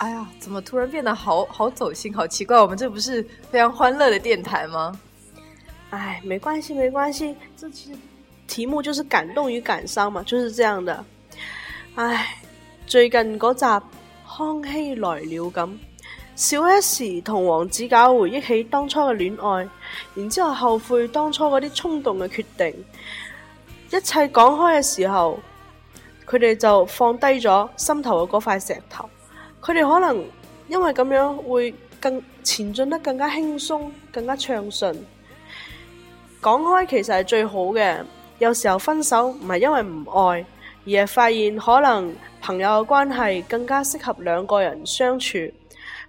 哎呀，怎麼突然變得好好走心，好奇怪。我們這不是非常歡樂的電台嗎？哎，沒關係，沒關係。這期題目就是感動與感傷嘛，就是這樣的。唉，最近嗰集康熙來了咁，小 S 同王子搞回憶起當初嘅戀愛，然之後後悔當初嗰啲衝動嘅決定，一切講開嘅時候，佢哋就放低咗心頭嘅嗰塊石頭。佢哋可能因為咁樣會更前進得更加輕鬆，更加暢順。講開其實係最好嘅。有時候分手唔係因為唔愛，而係發現可能朋友嘅關係更加適合兩個人相處。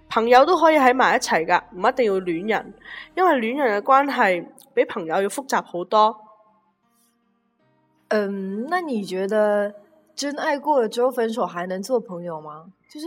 朋友都可以喺埋一齊噶，唔一定要戀人。因為戀人嘅關係比朋友要複雜好多。嗯，那你覺得真愛過了之後分手還能做朋友嗎？就是。